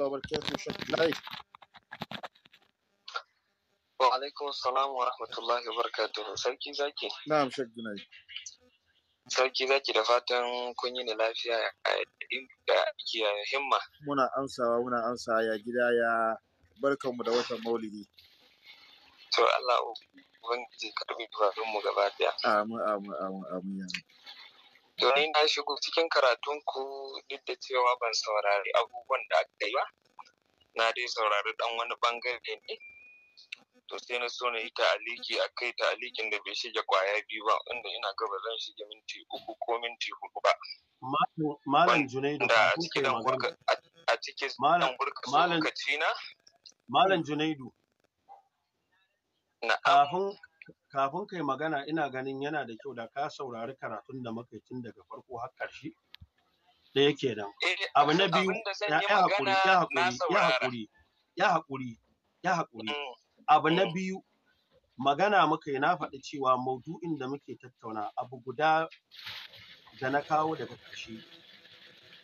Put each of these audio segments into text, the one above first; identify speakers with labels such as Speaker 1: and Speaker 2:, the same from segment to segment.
Speaker 1: الله وبركاته
Speaker 2: wa wa rahmatullahi wa sarki zaki da fatan kun yi ni lafiya da himma
Speaker 1: muna amsawa muna ya gida ya barkanmu da watan maulidi to Allah
Speaker 2: ubangiji karbi ba mu gaba daya amin To ni na shigo cikin karatun ku duk da cewa ban saurari abubuwan da aka yi ba. Na dai saurari dan wani bangare ne. To sai na so na yi ta'aliki a kai ta'alikin da bai shige kwaya biyu ba inda ina gaba zan shige minti uku ko minti hudu ba.
Speaker 1: Malam Junaidu da a cikin dan burka a cikin dan Malam Junaidu. Na'am. kafin kai magana ina ganin yana da kyau da ka saurari karatun da muka yi tun daga farko har ƙarshe da yake nan eh, abu na biyu ya haƙuri, ya haƙuri, ya haƙuri, ya haƙuri, ya haƙuri. abu na mm. biyu magana muka yi na faɗi cewa maudu'in da muke tattauna abu guda da na kawo daga ƙarshe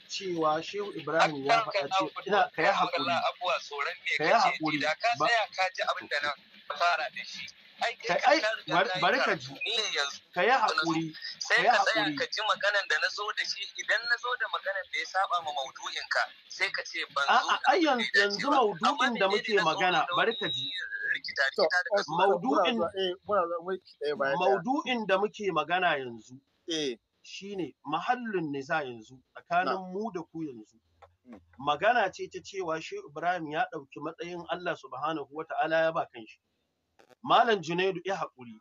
Speaker 1: cewa shehu ibrahim ya faɗa ce ina ka yi haƙuri,
Speaker 2: ka yi haƙuri ba ka ji abin da na fara da shi ai ka yi haƙuri ka tsaya ka ji maganan da na zo da idan na zo da da ya saba ma maudu'in
Speaker 1: ai yanzu da muke magana bari ka ji maudu'in da muke magana yanzu eh. shine mahallin yanzu tsakanin mu da ku yanzu hmm. magana ce ta cewa shi Ibrahim ya ɗauki matsayin Allah subhanahu wa ta'ala ya ba kanshi. Malam Junaidu ya haƙuri.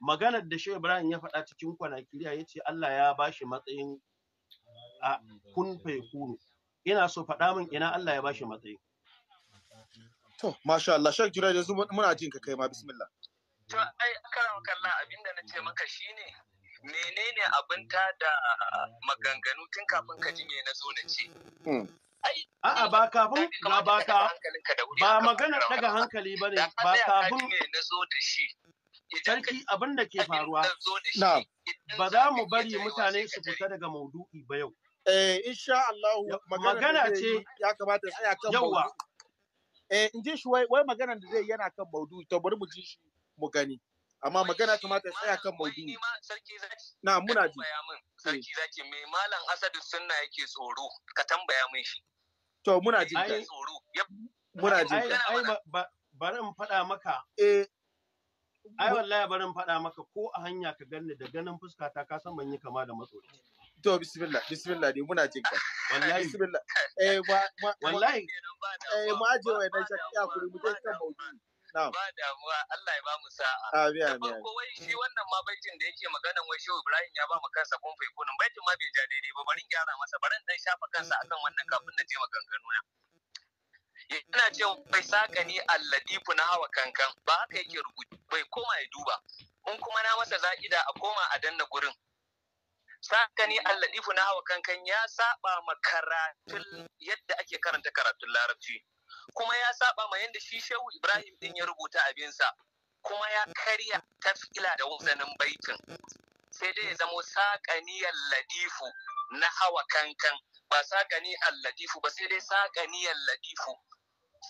Speaker 1: Maganar da Shehu Ibrahim ya faɗa cikin kwanakiriya ya ce Allah ya bashi matsayin a kun kunu. Ina so faɗa min ina Allah ya bashi matsayin. To, masha Allah, Shehu Junaidu yanzu muna jin ka kai ma bismillah.
Speaker 2: To, ai kan kalla abinda na ce maka shine menene abin ta da maganganu tun kafin ka ji me na zo na ce. Hmm.
Speaker 1: A'a ba kafin ba ba ka ba maganar daga hankali ba ne ba kafin sarki abin da ke faruwa ba za mu bari mutane su fita daga maudu'i ba yau. Eh insha Allah magana ce ya kamata tsaya kan yawa. Eh in ji shi wai maganar da zai yana kan maudu'i to bari mu ji shi mu gani. Amma magana kamata tsaya kan maudu'i. Na muna
Speaker 2: ji. Eh. Sarki zaki mai malam Asadu sunna yake tsoro ka tambaya min shi.
Speaker 1: To muna jin Ai tsoro. Muna ji. Ai bari faɗa maka. Eh. Ai wallahi bari in faɗa maka ko a hanya ka ganni da ganin fuska ta ka san ban yi kama da matsori. To bismillah bismillah dai muna jin ka. Wallahi bismillah. Eh ba wallahi eh ma je wai dan shakka kuri mu je kan bauti.
Speaker 2: ba damuwa Allah ya ba mu sa'a amin farko wai shi wannan ma baitin da yake magana wai shi Ibrahim ya ba mu kansa kun fai kunun baitin ma bai ja daidai ba bari gyara masa barin dan shafa kansa akan wannan kafin na je maganganu na yana ce bai saka ni alladifu na hawa kankan ba haka yake rubutu bai koma ya duba in kuma na masa za'ida a koma a danna gurin saka ni alladifu na hawa kankan ya saba ma karatun yadda ake karanta karatun larabci kuma ya saba ma yadda shi shehu ibrahim din ya rubuta abinsa kuma ya karya tafila da wazanin baitin sai dai ya zamo saƙaniyar ladifu na hawa kankan ba saƙani ladifu ba sai dai saƙaniyar saƙani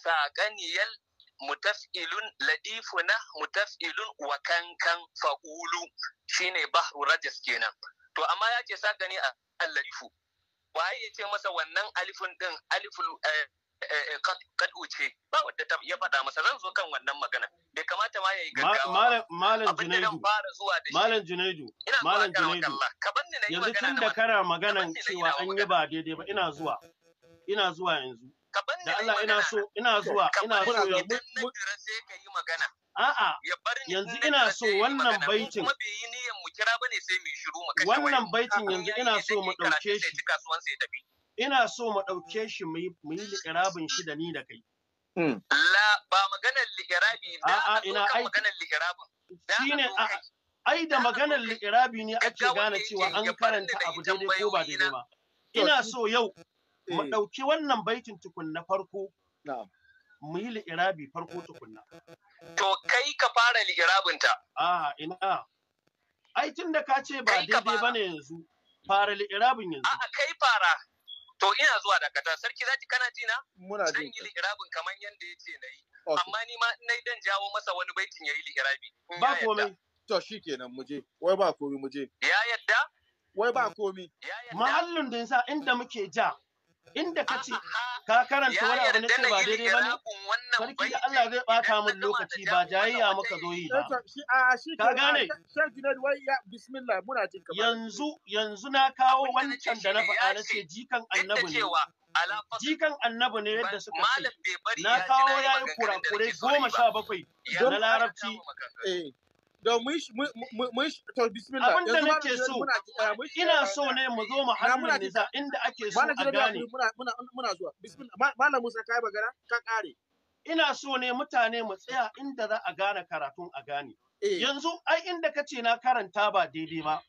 Speaker 2: saƙaniyar mutaf'ilun ladifu na mutaf'ilun wa kankan fa'ulu shine bahru rajas kenan to amma ya ce saƙani a waye ya ce masa wannan alifun din alifun eh, Eh, eh, kadu ce ba wadda ta ya faɗa masa zan zo
Speaker 1: kan wannan magana bai kamata ma yayi gaggawa malam junaidu malam junaidu malam junaidu yanzu tun da kara maganan cewa an yi ba daidai ba ina zuwa ina zuwa yanzu da Allah ina so ina zuwa ina so ya magana A'a, yanzu ina so wannan baitin. Wannan baitin yanzu ina so mu ɗauke shi. ina so mu ɗauke shi mu yi likirabin shi da ni da kai. Hmm. La ba maganar liƙirabi da ina maganar likirabin. Shine ai da maganar likirabi ne ake gane cewa an karanta abu daidai ko ba daidai ba.
Speaker 2: Ina so yau
Speaker 1: hmm. mu ɗauki wannan baitin tukunna farko. Mu yi likirabi farko tukunna.
Speaker 2: To kai ka fara liƙirabinta.
Speaker 1: A ina. Ai tun da ka ce ba daidai ba ne yanzu. Fara likirabin yanzu. A'a
Speaker 2: kai fara. to ina zuwa dakata sarki zaki kana ji na
Speaker 1: muna ji yi
Speaker 2: li'irabin kamar yanda yace yi. amma ni ma nayi dan jawo masa wani baitin yayi li'irabi
Speaker 1: ba komai to shikenan mu je wai ba komai mu je ya yadda wai ba komai mahallin da yasa inda muke ja inda ka ce ka karanta wani abu na ce ba daidai ba ne sarki da Allah zai bata min lokaci ba jayayya maka zo yi ba ka gane yanzu yanzu na kawo wancan da na faɗa na ce jikan annabi ne jikan annabi ne yadda suka ce na kawo yayi kurakurai goma sha bakwai na larabci abin da nake so eh, ina eh, so ne mu zo mu eh, nisa inda ake so a gane ina so ne mutane mu tsaya inda za a gane karatun a gane yanzu ai inda ka ce na karanta ba daidai ba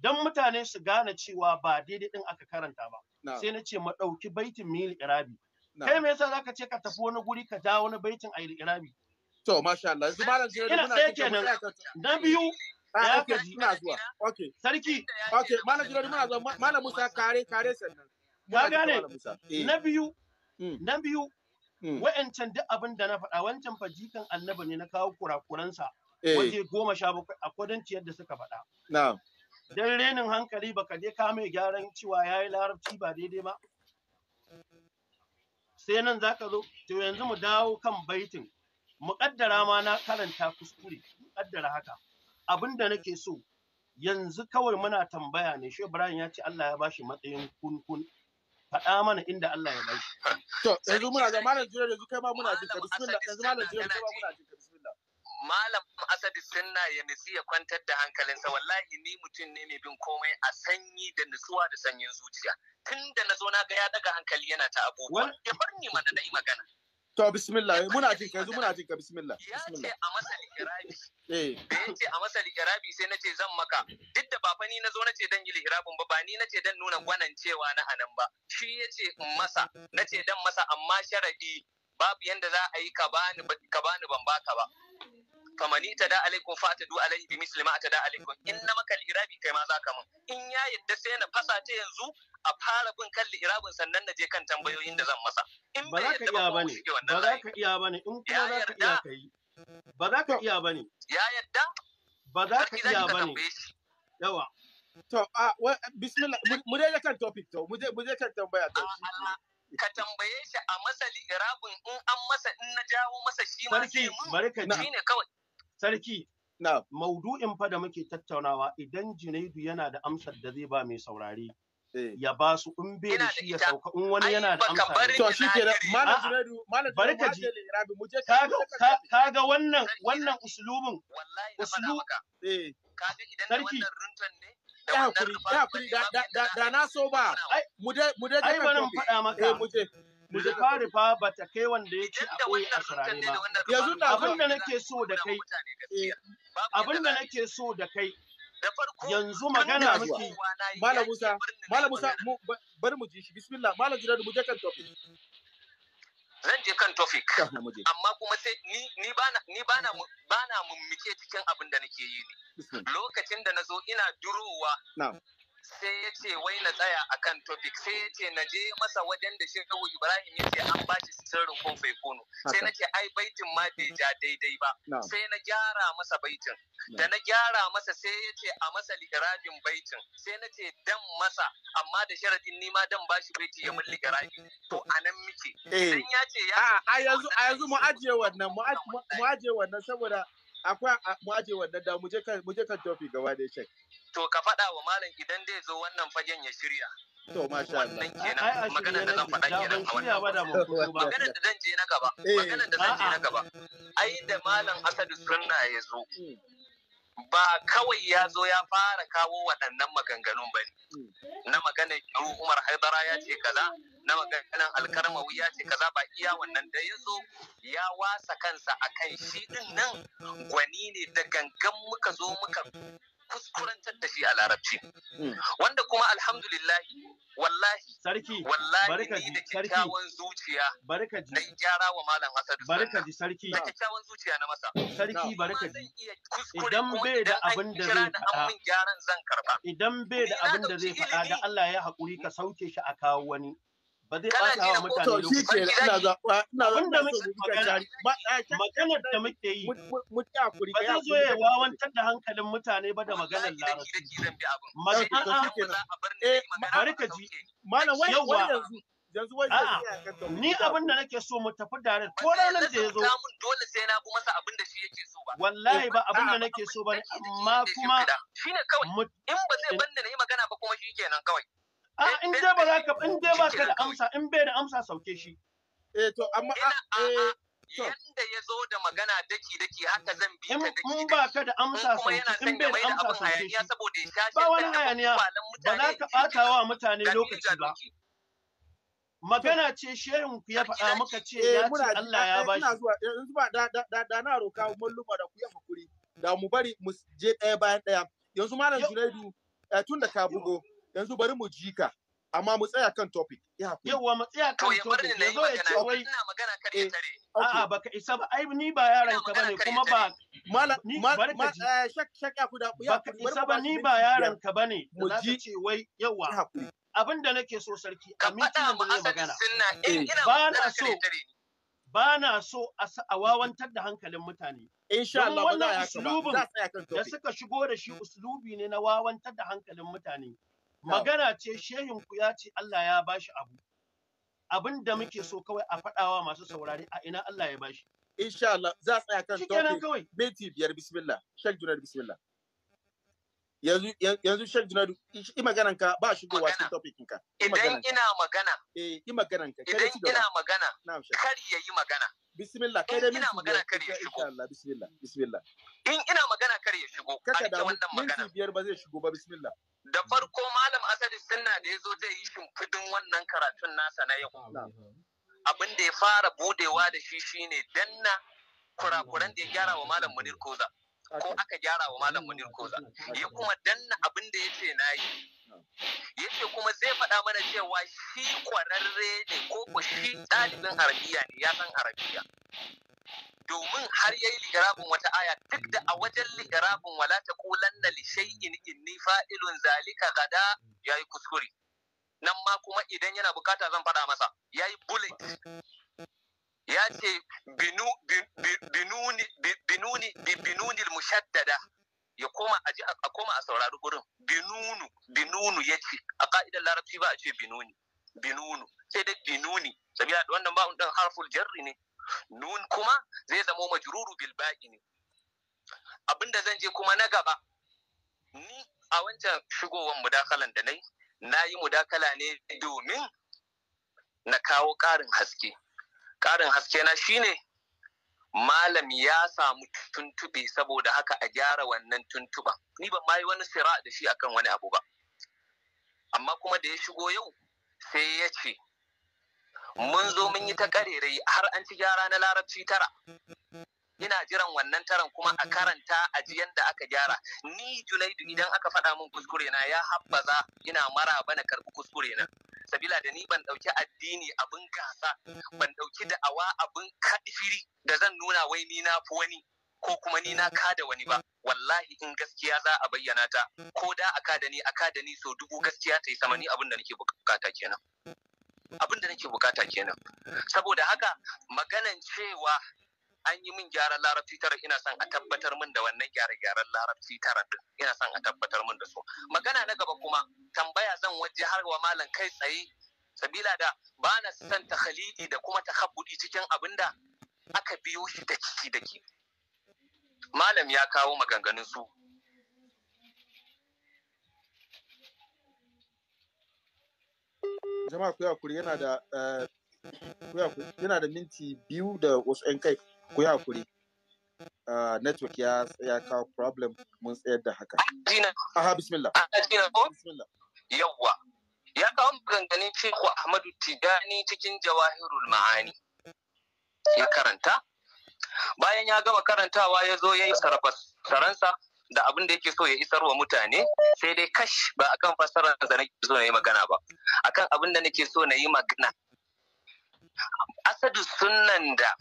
Speaker 1: don mutane su gane cewa ba daidai din aka karanta ba sai na ce mu baitin mil irabi kai me yasa zaka ce ka tafi wani guri ka dawo wani baitin a irabi To, masha Allah, yanzu malam jere muna cikin kenan. Na biyu, ah, ya gaji. Muna zuwa, ok. Sarki. Ok, malam jere muna zuwa, malam Musa kare, kare sannan. Ka gane, eh. na biyu, mm. na biyu, mm. wa'ancan duk abin da na faɗa, wancan fajikan annaba ne na kawo kurakuransa. Eh. Waje goma sha bakwai a kudanci yadda suka faɗa. Na'am. Dan renin hankali baka je ka mai gyaran cewa ya yi larabci ba daidai ba. Sai nan za ka zo, to yanzu mu dawo kan baitin. muƙaddara ma na karanta kuskure muƙaddara haka da nake so yanzu kawai muna tambaya ne shi Ibrahim ya ce Allah ya bashi matsayin kunkun, faɗa mana inda Allah ya bashi to yanzu muna da malam jira yanzu kai ma muna jin ka bismillah yanzu malam jira kai
Speaker 2: ma muna jin ka bismillah malam asadi sunna ya nisi ya kwantar da hankalinsa wallahi ni mutum ne mai bin komai a sanyi da nutsuwa da sanyin zuciya tun da na zo na ga ya daga hankali yana ta abubuwa ya bar ni mana na yi magana
Speaker 1: To bismillah eh, muna jin ka yanzu muna jin ka bismillah. Ya ce a
Speaker 2: masa likirabi. Eh. Da ya ce a masa likirabi sai na ce zan maka. Duk da ba ni na zo na ce dan yi lihirabin ba ba ni na ce dan nuna gwanan cewa na anan ba. Shi ya ce in masa na ce dan masa amma sharadi babu yanda za a yi ka bani ka bani ban baka ba. Kamani ta da alaikum fa ta du alaihi bi muslima ta da alaikum in na maka lihirabi kai ma za ka mun in ya yadda sai na fasa ta yanzu a fara bin kan lirabin sannan na je kan tambayoyin da zan masa
Speaker 1: in ba za ka iya ba ne ba za ka iya ba ne in kuma za ka iya ka yi ba za ka iya ba ne ya yadda ba za ka iya ba ne yawa to a bismillah mu dai kan topic to mu dai kan tambaya to
Speaker 2: ka tambaye shi a masa lirabin in an masa in na jawo masa shi ma
Speaker 1: sai mun na. ne kawai sarki Maudu'in fa da muke tattaunawa idan Junaidu yana da amsar da zai ba mai saurari, Eh. ya ba su in bai da shi ya sauka in wani yana da amsa to shi shikenan malam Junaidu malam bari ka ji kaga kaga wannan wannan uslubin uslub eh kaga idan wannan runtan ne ya hakuri ya hakuri da na so ba mu je mu je ai bari mu faɗa maka eh, mu je Mujafari fa ba ta kai wanda yake a koyi a sarari ba. Yanzu abin da eh. nake so da kai, abin da nake so da kai, yanzu magana muke malam Musa malam Musa bari mu ji shi bismillah malam Jibril mu je kan topic
Speaker 2: zan je kan topic amma kuma sai ni ni bana ni bana bana mummike cikin abin da nake yi ne lokacin da nazo ina durowa
Speaker 1: sai ya ce wai na tsaya
Speaker 2: akan topic sai ya ce na je masa wajen da shehu ibrahim ya ce an bashi sirrin ko fai sai na ce ai baitin ma bai mm-hmm. ja daidai ba sai na gyara masa baitin da na gyara masa sai ya ce a masa liƙirabin baitin sai na ce dan masa amma da sharadin nima dan bashi baiti ya mun liƙirabi to a nan muke eh. idan ya
Speaker 1: ce ya a yanzu a yanzu mu ajiye wannan mu ajiye wannan saboda akwai mu ajiye wannan da mu je kan mu je kan topic gaba da shek
Speaker 2: to ka faɗa wa malam idan zai zo wannan fagen ya shirya
Speaker 1: To masha Allah. Ai maganar da zan faɗa kenan a wannan.
Speaker 2: Maganar da zan je na gaba. Eh. Maganar da zan je na gaba. Ai da malam Asadu Sunna ya zo. Ba kawai ya zo ya fara kawo waɗannan maganganun ba Na maganar Kiru Umar Haidara ya ce kaza, na maganar Alkarmawi ya ce kaza ba iya wannan da ya zo ya wasa kansa a kan shi ɗin nan gwani ne da gangan muka zo muka kuskurantar da shi a larabci hmm. wanda kuma alhamdulillahi wallahi sarki wallahi ni da kyakkyawan zuciya barkaji dan gyara wa malam Hassan barkaji sarki da kyakkyawan zuciya na masa sarki barkaji
Speaker 1: idan bai da abin da zai faɗa idan bai da abin da zai faɗa da Allah ya hakuri ka sauke shi a kawo wani ba zai ɓata wa mutane lokaci ba. ina za magana maganar da muke yi ba zai zo ya wawantar da hankalin mutane ba da maganar larabci. Eh, magana bari ka ji. Malam wai ni abin da nake so mu tafi da ko ranar da ya zo dole
Speaker 2: sai na bi masa abin da shi yake
Speaker 1: so ba wallahi ba abin da nake so ba amma kuma shine kawai in ba zai eh. na yi magana
Speaker 2: ba kuma shi kenan kawai
Speaker 1: a ah, in dai ba za ka in dai ba ka da amsa in bai da amsa sauke shi eh to amma ah, ah, eh yanda ya zo
Speaker 2: da magana daki daki haka zan
Speaker 1: bi ta daki in ba ka da amsa sauke in bai da amsa sauke shi saboda ya shashi ba wani hayaniya ba za ka bata wa mutane lokaci ba magana ce shehin ku ya faɗa muka ce eh, ya ce Allah ya eh, bashi ina eh, yanzu ba da na roka hmm. malluma da ku ya hakuri da mu bari mu je ɗaya bayan ɗaya yanzu malam Junaidu tun da ka bugo yanzu bari mu ji ka amma mu tsaya kan topic yawa mu tsaya kan topic yanzu ya ce wai ina magana kare eh, tare a'a baka isa ba ai ni ba yaran ka bane kuma ba mala ni bari ji eh, shak shak ya ku da baka isa ba ni ba yaran ka bane mu ji ce wai yawa abin da nake so sarki a ne da yi magana eh, ba na so ba na so a wawantar da hankalin mutane. Insha Allah ba za a yi haka ba. Wannan da suka shigo da shi uslubi ne na wawantar da hankalin mutane. magana ce shehin ku ya ce Allah ya bashi abu abin da muke so kawai a faɗawa masu saurare a ina Allah ya bashi insha Allah za tsaya kan topic beti biyar bismillah shek junaid bismillah yanzu yanzu shek junaid i maganan ka ba shi gowa cikin topic ka idan ina magana eh i maganan ka idan ina magana kar yayi magana bismillah kai da ina magana kar ya shigo Allah bismillah bismillah
Speaker 2: in ina magana kar ya shigo a da wannan magana
Speaker 1: biyar ba zai shigo ba bismillah
Speaker 2: da farko malam asadi sunna da yazo zai yi shimfidin wannan karatun nasa na yau abin da ya fara budewa da shi shine danna kurakuran da ya gyara wa malam munir koza ko aka gyara wa malam munir koza ya kuma danna abin da ya ce na yi. yace kuma zai faɗa mana cewa shi kwararre ne ko ko shi ɗalibin arabiya ne ya san arabiya domin har yayi ligarabin wata aya duk da a wajen ligarabin wala ta kulanna li shay'in inni fa'ilun zalika gada yayi kuskure nan ma kuma idan yana bukata zan faɗa masa yayi bullet ya ce binuni binuni binuni mushaddada ya koma a koma a saurari gurin binunu binunu ya ce a ka'idar larabci ba a ce binuni binunu sai dai binuni sabila da wannan ba'un din harful jarri ne nun kuma zai zamo majruru bil ne abinda zan je kuma na gaba ni a wancan shigowan mudakalan da nayi na yi mudakala ne domin na kawo ƙarin haske ƙarin haske na shine malam ya samu tuntube saboda haka a gyara wannan tuntuɓan ni ban ma yi wani sira da shi akan wani abu ba amma kuma da ya shigo yau sai ya ce mun zo mun yi ta karerai har an ci gyara na larabci tara ina jiran wannan taran kuma a karanta a ji yadda aka gyara ni junaidu idan aka faɗa min kuskure na ya habbaza ina maraba na karɓi kuskure na sabila da ni ban dauki addini abin gasa ban dauki da'awa abin kadifiri da zan nuna wai ni na fi wani ko kuma ni na da wani ba wallahi in gaskiya za a bayyana ta ko da aka da ni aka da ni so dubu gaskiya ta yi sama ni abin da nake bukata kenan abin da nake bukata kenan saboda haka maganan cewa an yi min gyaran larabci tara ina son a tabbatar min da wannan gyara gyaran larabci tara din ina son a tabbatar min da su magana na gaba kuma tambaya zan waje har wa malam kai tsaye sabila da ba na son takhalidi da kuma takabbudi cikin abin da aka biyo shi da ciki da ke malam ya kawo maganganun su
Speaker 1: jama'a ku yana da eh, yana da minti biyu da wasu 'yan kai ku yi hakuri ah, network ya ya kawo problem mun tsayar da haka aha bismillah
Speaker 2: yawa ah, yawwa ya kawo maganganun shehu Ahmadu Tijani cikin Jawahirul Ma'ani ya karanta bayan ya gama karantawa ya zo ya yi saransa da abin da yake so ya isar wa mutane sai dai kash ba akan fassarar da nake so na yi magana ba akan abin da nake so na yi magana asadu sunnan da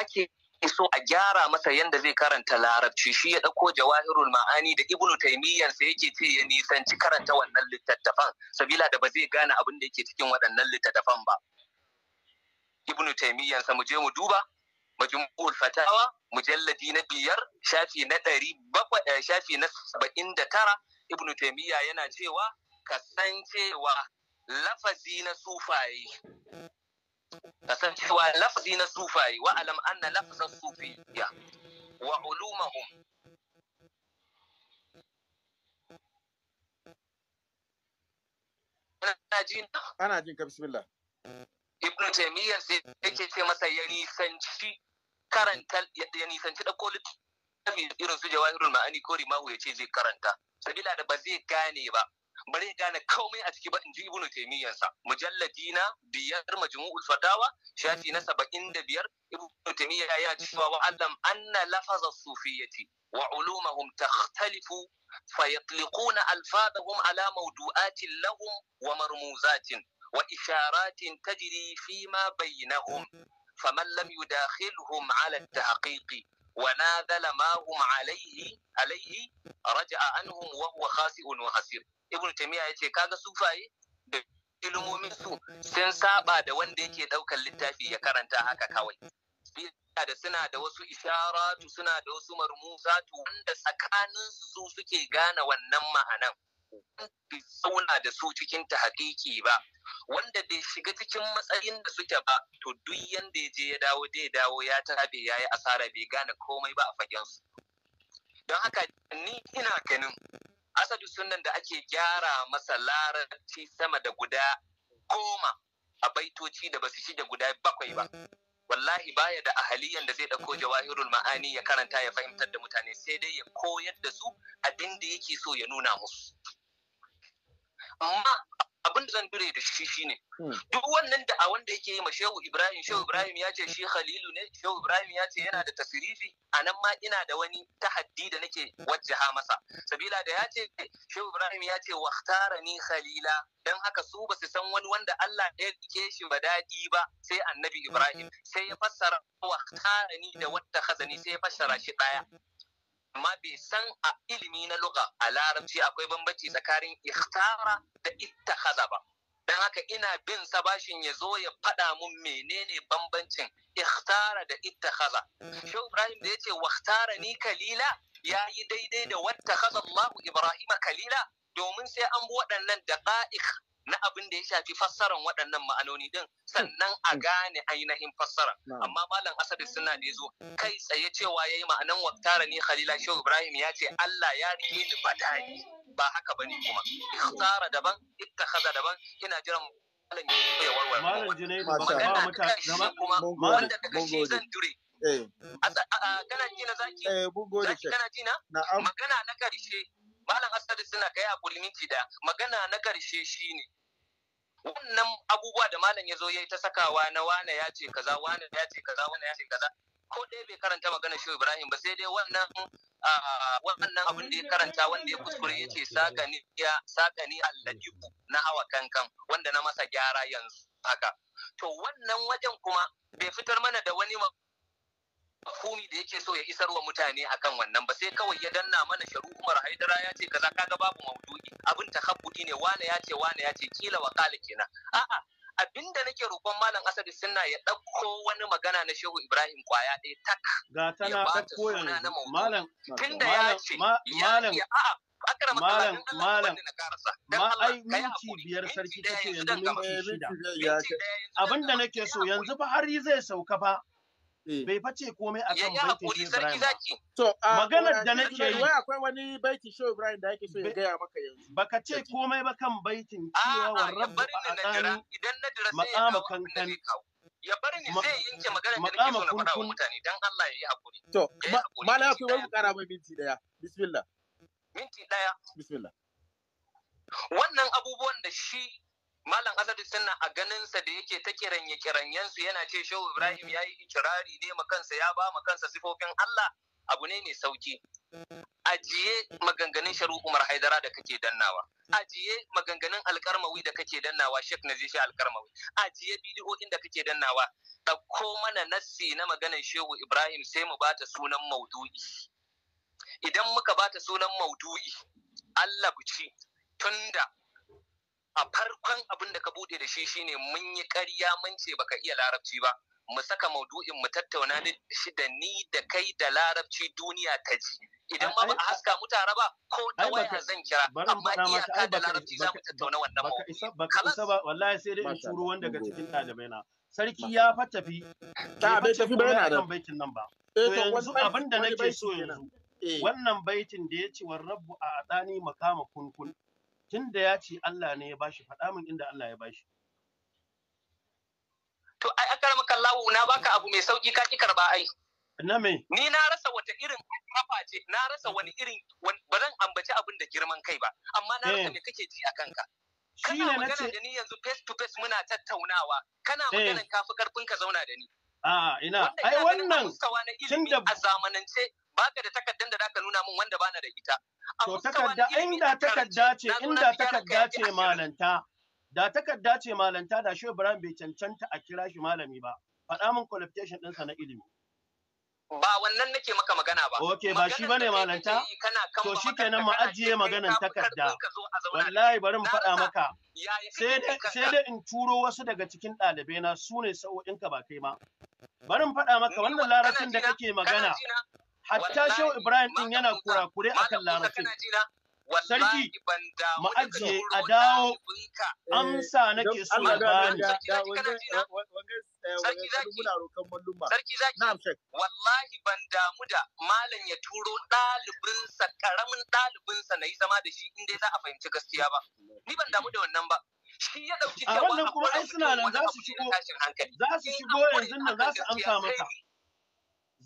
Speaker 2: ake so a gyara masa yadda zai karanta larabci shi ya ɗauko jawahirul ma'ani da ibnu taimiyyan sa yake ce ya nisanci karanta wannan littattafan sabila da ba zai gane abin da yake cikin waɗannan littattafan ba ibnu taimiyyan sa mu je mu duba majmu'ul fatawa mujalladi na biyar shafi na ɗari eh, shafi na saba'in da tara ibnu taimiyya yana cewa ka san cewa lafazi na sufaye kasancewa lafzi na sufaye wa alam anna lafzan sufiya wa ulumahum
Speaker 1: ana jin ka bismillah
Speaker 2: ibn taymiyyah sai yake ce masa ya nisanci karanta ya nisanci dauko littafi irin su jawahirul ma'ani ko rimahu ya ce zai karanta sabila da ba zai gane ba bari ya gane komai a ciki ba in ji ibnu taymiyyah sa mujalladi na biyar majmu'ul fatawa shafi na 75 ibnu taymiyyah ya ji cewa wa alam anna lafaz as-sufiyyati wa fa takhtalifu fayatliquna alfadahum ala mawdu'atin lahum wa marmuzatin wa isharatin tajri fi ma fa faman lam yudakhilhum ala at ونادل ما هم alaihi عليه رجع عنهم وهو خاسئ وخسير ibnu ya yace kaga sufaye da ilimomin su sun saba da wanda yake daukar littafi ya karanta haka kawai da suna da wasu isharatu suna da wasu marmusatu wanda tsakanin su suke gane wannan ma'anan bai sauna da su cikin ta hakiki ba wanda bai shiga cikin matsayin da suke ba to duk yanda ya je ya dawo dai dawo ya tabe ya yi asara bai gane komai ba a fagen su don haka ni ina ganin asadu sunan da ake gyara masa larabci sama da guda goma a baitoci da basu shige guda bakwai ba wallahi baya da ahaliyan da zai ɗauko jawahirul ma'ani ya karanta ya fahimtar da mutane sai dai ya koyar da su abin da yake so ya nuna musu amma abin da zan bire da shi shine hmm. duk wannan da a wanda yake yi ma shehu ibrahim shehu ibrahim ya ce shi khalilu ne shehu ibrahim ya ce yana da tasirifi a nan ma ina da wani tahaddi da nake wajjaha masa sabila da ya ce shehu ibrahim ya ce wakhtara ni khalila dan haka su ba su san wani wanda Allah ya rike shi ba daɗi ba sai annabi ibrahim mm-hmm. sai ya fassara waktara ni da wata khazani sai ya fassara shi ɗaya amma bai san a ilimi na luga a larabci akwai bambanci tsakanin ikhtara da ittakhadha ba dan haka ina bin sa bashin ya zo ya faɗa mun menene bambancin ikhtara da ittakhadha mm. shi Ibrahim da yace waktara ni kalila ya yi daidai da wattakhadha Allahu Ibrahim kalila domin sai an bi waɗannan daqa'iq na abin da ya shafi fassaran waɗannan ma'anoni din sannan a hmm. gane ainihin fassara amma malam asadi suna da zo kai tsaye cewa yayi ma'anan waktara ne, khalila shehu ibrahim ya ce Allah ya rike ni fadani ba haka bane kuma ikhtara daban ittakhadha daban ina jiran
Speaker 1: malam ya warware malam junaidu ba ba mutane kuma wanda daga shi zan dure. eh kana ji na zaki eh,
Speaker 2: kana ji na magana na karshe malam asali suna kai a minti da magana na karshe shine wannan abubuwa da malam ya zo ya yi ta sakawa na wane ya ce kaza wane ya ce kaza wane ya ce kaza ko ɗaya bai karanta magana shi Ibrahim ba sai dai wannan wannan abin da ya karanta wanda ya kuskure ya ce ni ya ni alladiku na hawa kankan wanda na masa gyara yanzu haka to wannan wajen kuma bai fitar mana da wani mafumi da yake so ya isar wa mutane akan wannan ba sai kawai ya danna mana sharu Umar Haidara ya ce kaza kaga babu maudu'i abin takabbudi ne wane ya ce wane ya ce kila wa kala kenan a'a abinda nake roƙon malam Asadu Sunna ya ɗauko wani magana na Shehu Ibrahim kwaya ɗaya tak
Speaker 1: ga ta na ɗauko malam tunda ya ce malam malam malam ma ai minti biyar sarki take yanzu minti shida abinda nake so yanzu ba har zai sauka ba Eh. bai face komai a kan baitin Shehu Ibrahim. To, ah, maganar da nake yi. Wai akwai wani baitin Shehu Ibrahim da yake so ya gaya maka yanzu. Baka ce komai ba kan baitin cewa wa rabbu a tsani makama kankan. Ya bari ni sai yanke maganar da nake so na faɗa wa mutane dan Allah ya yi hakuri. To, malama ku wani kara mai minti daya. Bismillah. Minti daya. Bismillah.
Speaker 2: Wannan abubuwan da shi Malam Asadu suna a ganinsa da yake ta kiranye su yana ce Shehu Ibrahim ya yi ikirari ne ma kansa ya ba ma kansa sifofin Allah abu ne mai sauki. Ajiye maganganun Sharu Umar Haidara da kake dannawa. Ajiye maganganun alkarmawi da kake dannawa Sheikh Nazisha alkarmawi. Ajiye bidiyoyin da kake dannawa. Ɗauko mana nassi na maganar Shehu Ibrahim sai mu bata sunan maudu'i. Idan muka bata sunan maudu'i, Allah buci tunda a farkon abin da ka bude da shi shine mun yi ƙarya mun ce baka iya larabci ba mu saka maudu'in mu tattauna shi da ni da kai da larabci duniya ta ji idan ma ba a haska mu tare ba ko da waya zan kira amma iyaka da larabci za mu tattauna
Speaker 1: wannan maudu'in baka ba wallahi sai dai in turo wanda ga cikin ɗalibai na sarki ya fa tafi eh, ta bai tafi ba yana da baitin nan ba eh, yanzu abin da nake so yanzu eh. wannan baitin da ya ce wa rabbu a atani makama kunkun tun da ya ce Allah ne ya bashi faɗa min inda Allah ya bashi
Speaker 2: to ai akar maka lawo na baka abu mai sauki ka ki karba ai na me ni na rasa wata irin kafa ce na rasa wani irin ba zan ambaci abin da girman kai ba amma na rasa eh. me kake ji a kanka kana magana da ni yanzu face to face muna
Speaker 1: tattaunawa kana eh. magana
Speaker 2: kafi karfin ka
Speaker 1: zauna da ni A'a ina ai wannan
Speaker 2: da a zamanance baka da takaddan da zaka nuna min wanda bana da ita
Speaker 1: to takadda inda takadda ce inda takadda ce malanta da takadda ce malanta da shi Ibrahim bai cancanta a kira shi malami ba faɗa min qualification ɗinsa na ilimi
Speaker 2: ba wannan nake maka magana ba okay ba shi bane malanta
Speaker 1: to shikenan mu ajiye maganar takarda wallahi bari mu faɗa maka sai dai sai dai in turo wasu daga cikin ɗalibai na su ne sa'o'inka ba kai ma bari mu faɗa maka wannan larabcin da kake magana hatta shau ibrahim din yana kurakure akan larabci sarki ma'ajiye a dawo amsa eh, nake so na eh, eh, bani sarki zaki sarki zaki
Speaker 2: wallahi ban damu da malam ya turo ɗalibinsa karamin ɗalibinsa na yi zama da shi inda za a fahimci gaskiya ba ni ban damu da wannan ba a wannan kuma ai suna nan za su shigo yanzu
Speaker 1: nan za su amsa maka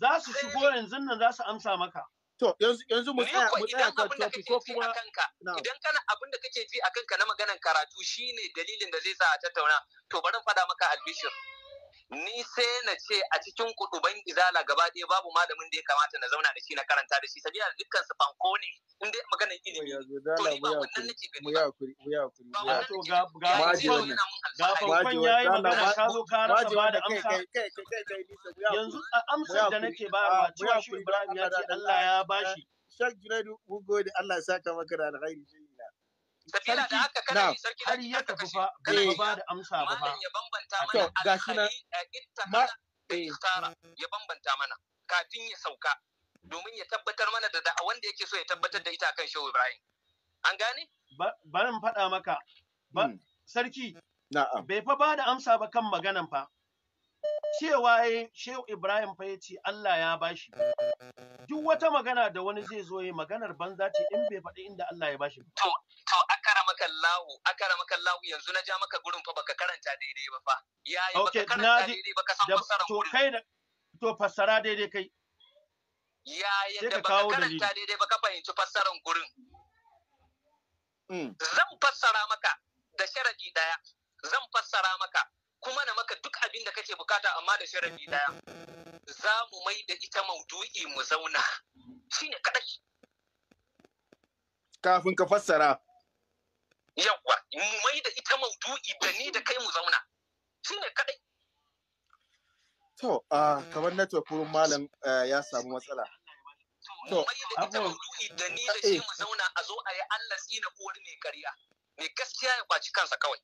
Speaker 1: za su shigo yanzu nan za su amsa maka to yanzu yanzu mu tsaya mu tsaya kan to ko kuma
Speaker 2: idan kana abin da kake ji a kanka na maganan karatu shine dalilin da zai sa a tattauna to bari faɗa maka albishir ni sai na ce a cikin kuduban izala gaba ɗaya babu malamin da ya kamata na zauna da shi na karanta da shi sabida da dukkan su fanko ne in dai maganar
Speaker 1: ilimi to ni ba wannan nake gani ba ba to ga ga ga fankon yayi magana ka zo ka rasa ba da amsa yanzu amsar da nake ba ah, ma cewa shi Ibrahim ya ce Allah ya bashi ah, Shek Junaidu mun gode Allah ya saka maka da alkhairi sabila da haka kana sarki har ya tafi fa ba da amsa ba fa ya bambanta mana to gashi
Speaker 2: eh, ya bambanta mana kafin ya sauka domin ya tabbatar mana da yake so ya tabbatar da ita Shehu Ibrahim an gane
Speaker 1: barin faɗa maka hmm. sarki bai fa ba da amsa ba kan maganan fa cewa ya Shehu Ibrahim fa yace Allah ya bashi. Duk wata magana da wani zai zo yi maganar banza ce in bai faɗi inda Allah ya bashi. To akramakallahu akramakallahu yanzu na ja maka gurin fa baka karanta daidai ba fa yayi baka karanta daidai baka san fassara to kai da to fassara daidai kai
Speaker 2: yayin da baka karanta daidai baka fahimci fassaran gurin mm. zan fassara maka da sharadi daya zan fassara maka kuma na maka duk abin da kake bukata amma da sharadi daya za mu mai da ita maudu'i mu zauna shine kadai
Speaker 1: kafin ka fassara
Speaker 2: yawwa mu mai da ita maudu'i da ni da kai mu zauna shine kadai
Speaker 1: to a kamar network wurin malam eh, ya samu matsala to maudu'i
Speaker 2: da ni da eh. shi mu zauna a zo a yi Allah tsina uwar mai ƙarya mai gaskiya ya kwaci kansa kawai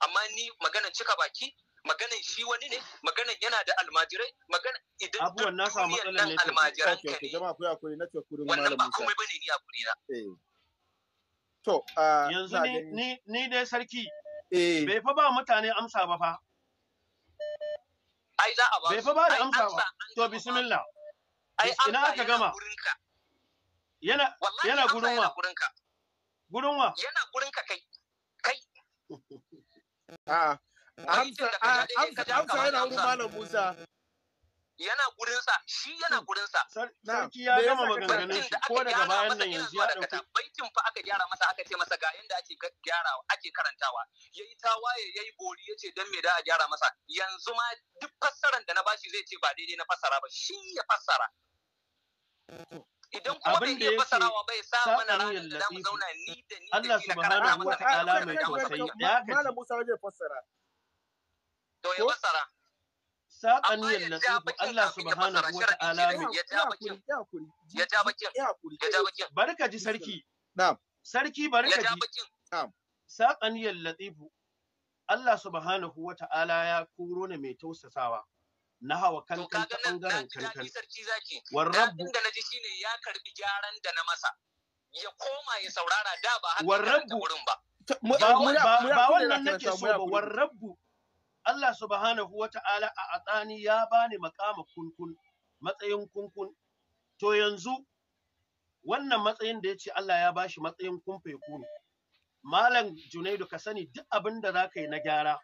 Speaker 2: amma ni maganan cika baki maganan shi wani ne maganan yana da almajirai maganan idan abuwan na samu matsalar ne almajiran ka ne
Speaker 1: jama'a ku ya kuri network wurin malam wannan ba komai bane ni a kuri na eh. To, yanzu ni dai sarki, eh. bai fa ba mutane amsa ba fa. Ai za a ba Bai fa ba da amsa ba. To, bismillah. Ai ina aka gama. Yana yana gurin wa. Gurin wa. Yana gurinka kai. Kai. A'a. Ah, amsa ah, amsa yana wurin Malam Musa. yana
Speaker 2: gurinsa shi yana hmm. gurinsa sarki ya gama maganganun shi ko daga bayan nan yanzu ya dauki bankin fa aka gyara masa aka ce masa ga inda ake gyara ake karantawa yayi tawaye yayi gori yace dan me da a gyara masa yanzu ma duk fassaran da na bashi zai ce ba daidai na fassara ba shi ya fassara idan kuma bai iya fassarawa bai sa mana ranar da zamu zauna ni da ni Allah subhanahu wa ta'ala mai tausayi ya ka
Speaker 1: malam fassara
Speaker 2: to ya fassara saƙa niyyar nasibu Allah subhanahu wa ta'ala ya ja
Speaker 1: bakin barka ji sarki sarki barka ji saƙa niyyar latifu Allah subhanahu wa ta'ala ya koro ne mai tausasawa na hawa kankan ta bangaren kankan warrabu da naji shine ya karbi gyaran da na masa
Speaker 2: ya koma ya saurara da ba haka warrabu
Speaker 1: ba wannan nake so ba warrabu Allah subhanahu wa ta'ala a atsani ya bani makama kunkun matsayin kunkun to yanzu wannan matsayin da ya ce Allah ya bashi matsayin kumfe kunu malam junaidu ka sani duk abin da za ka yi na gyara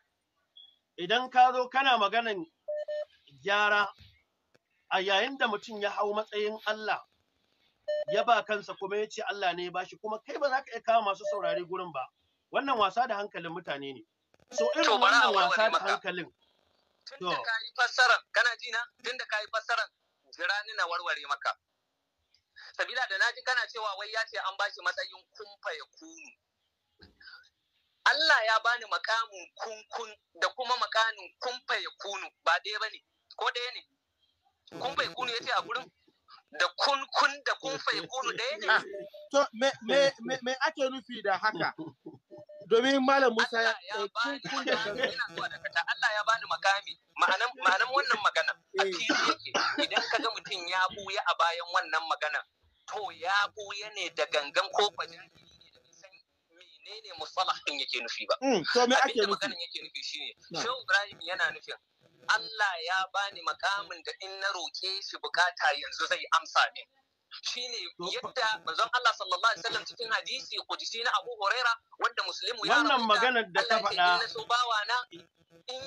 Speaker 1: idan ka zo kana maganan gyara a yayin da mutum ya hau matsayin Allah ya ba kansa kuma ya ce Allah ne ya bashi kuma kai ba za ka iya kawo masu saurari gurin ba wannan wasa da hankalin mutane ne So irin wannan wasa da hankalin.
Speaker 2: Tun ka yi kana ji na? ka yi jira ni na warware maka. Sabila da naji kana cewa wai ya ce an bashi matsayin kumfa ya kunu. Allah ya bani makamin kunkun da kuma makamin kumfa ya kunu ba ɗaya ba ne, ko ɗaya ne. Kumfa ya kunu ya ce a gurin da kunkun da kumfa ya kunu ɗaya ne. Ah,
Speaker 1: to me ake nufi da haka? domin malam Musa ya bani Allah ya bani makami ma'anan wannan magana a eh.
Speaker 2: yake idan ga mutum ya buya a bayan wannan magana to ya buya ne da gangan ko bajin menene musalah din yake nufi
Speaker 1: ba hmm, to me ake nufi
Speaker 2: yake nufi shine Shehu Ibrahim yana nufin Allah ya bani makamin da in na roke shi bukata yanzu zai amsa min shine yadda na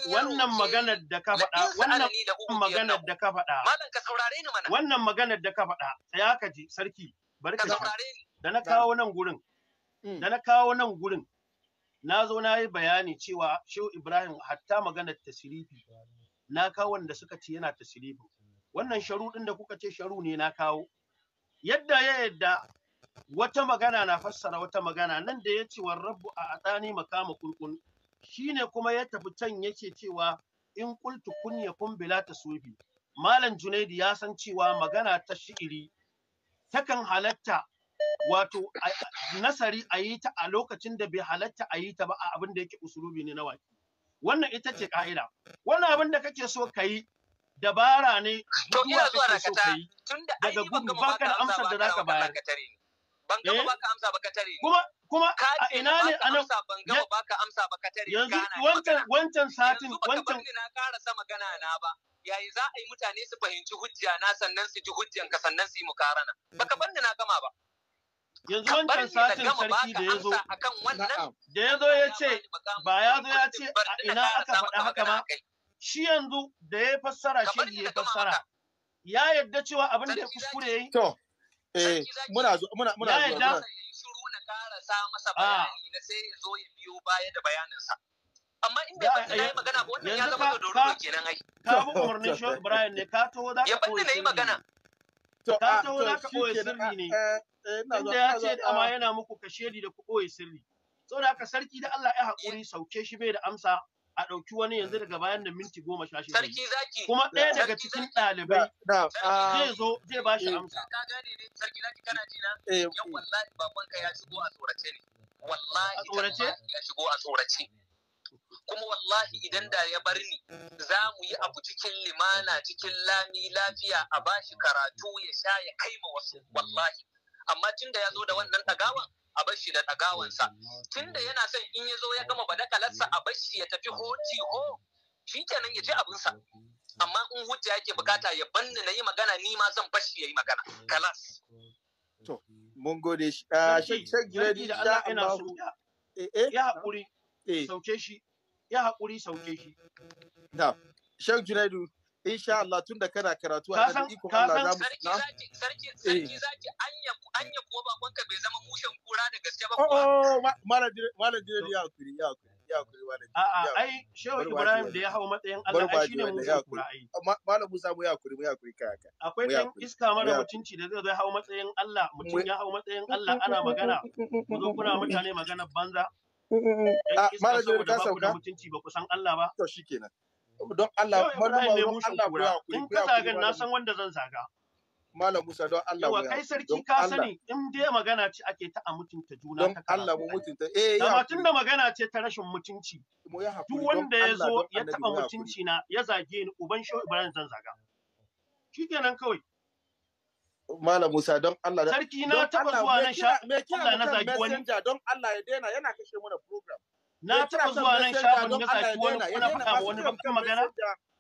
Speaker 1: wannan maganar da ka faɗa wannan maganar da ka faɗa wannan maganar da ka faɗa malam ka sarki bari da na kawo nan gurin mm. da na kawo nan gurin na zo na yi bayani cewa Shehu Ibrahim hatta maganar tasirifi na kawo wanda suka ce yana tasirifi wannan sharu ɗin da kuka ce sharu ne na kawo yadda ya yadda wata magana na fassara wata magana nan da ya ce wa Rabu a tsani makama kulkun shine kuma ya tafi can yake cewa in qultu kun yakun bila sufi malam junaidi ya san cewa magana ta shi'iri takan halatta wato nasari a yi ta a lokacin da bai halatta a yi ta ba a abin da yake usulubi ne na waki wannan ita ce ka'ida wannan abin da kake so ka yi dabara ne to ina zuwa dakata tunda daga gudu ba ka amsa da zaka bayar ban gaba ba eh? ka
Speaker 2: amsa ba ka tare kuma kuma a ina ne a nan ban gaba ba ka amsa ba ka tare yanzu
Speaker 1: wancan wancan satin wancan yanzu na karasa magana
Speaker 2: na ba yayi za a yi mutane su fahimci hujja na sannan su ji hujjan ka sannan su yi mukarana baka eh. banni na gama ba yanzu wancan satin sarki da yazo akan wannan da yazo yace
Speaker 1: ba yazo yace a ina aka faɗa haka ba shi yanzu da ya fassara shi ne ya fassara ya yadda cewa abin da ya kuskure yi to eh muna zo muna muna zo ya yadda shiru na
Speaker 2: karasa masa ah. bayani na sai ya zo ya biyo baya da bayaninsa amma in bai faɗi nayi eh, magana ba wannan ya zama da doro kenan ai ka bu umarnin
Speaker 1: shi Ibrahim ne ka taho da ya faɗi nayi magana to ka ah, taho da ka koyi sirri ne eh, eh, inda ya ce amma ah. yana muku kashedi da ku koyi sirri saboda haka sarki da Allah ya haƙuri sauke shi bai da amsa a ɗauki wani yanzu daga bayan da minti goma sha shi sarki zaki kuma ɗaya daga cikin ɗalibai zai zo zai ba shi eh, amsa
Speaker 2: ka gane ne sarki zaki kana ji na eh. yan wallahi bakon ka ya shigo a tsorace ne wallahi a tsorace ya shigo a tsorace kuma wallahi idan da ya bar ni za mu yi abu cikin limana cikin lami lafiya a bashi karatu ya sha ya kai ma wasu wallahi amma tun da ya zo da wannan dagawan a bashi da ɗagawansa tunda yana son in ya zo ya gama badakalarsa a bashi ya tafi hoti ho shi kenan ya je abinsa amma in hujja yake bukata ya banni na yi magana ni ma zan bashi ya yi magana kalas
Speaker 1: to mun gode shi ah, shek giredi da Allah ina so
Speaker 2: ya eh, eh? haƙuri
Speaker 1: eh. sauke shi ya haƙuri sauke shi da shek giredi insha Allah tun da kana karatu a da iko Allah za mu na
Speaker 2: sarki zaki
Speaker 1: A'a ai Shehu Ibrahim da ya hau matsayin Allah ai shine mu ya Malam Musa mu ya kuri mu ya kuri kai Akwai iska mara mutunci da zai hau matsayin Allah mutum ya hau matsayin Allah ana magana ku zo kuna mutane magana banza. Mm, mm, mm. Ah, malam Jibril ka sauka. Mutunci ba ku san Allah ba. To shikenan. Don Allah, malama Allah ku ya kuri. Kun ka na san wanda zan zaga. Malam Musa don Allah Yawa kai sarki ka sani in dai magana ce ake ta a mutunta juna ta Allah mu mutunta eh ya amma tunda magana ce ta rashin mutunci duk wanda ya zo ya taba mutunci na ya zage ni uban shi Ibrahim zan zaga shikenan kawai Malam Musa don Allah sarki na taba zuwa nan sha Allah na zagi wani don Allah ya daina yana kashe mana program na taba zuwa nan sha mun ga zagi wani kuna ba wani ban magana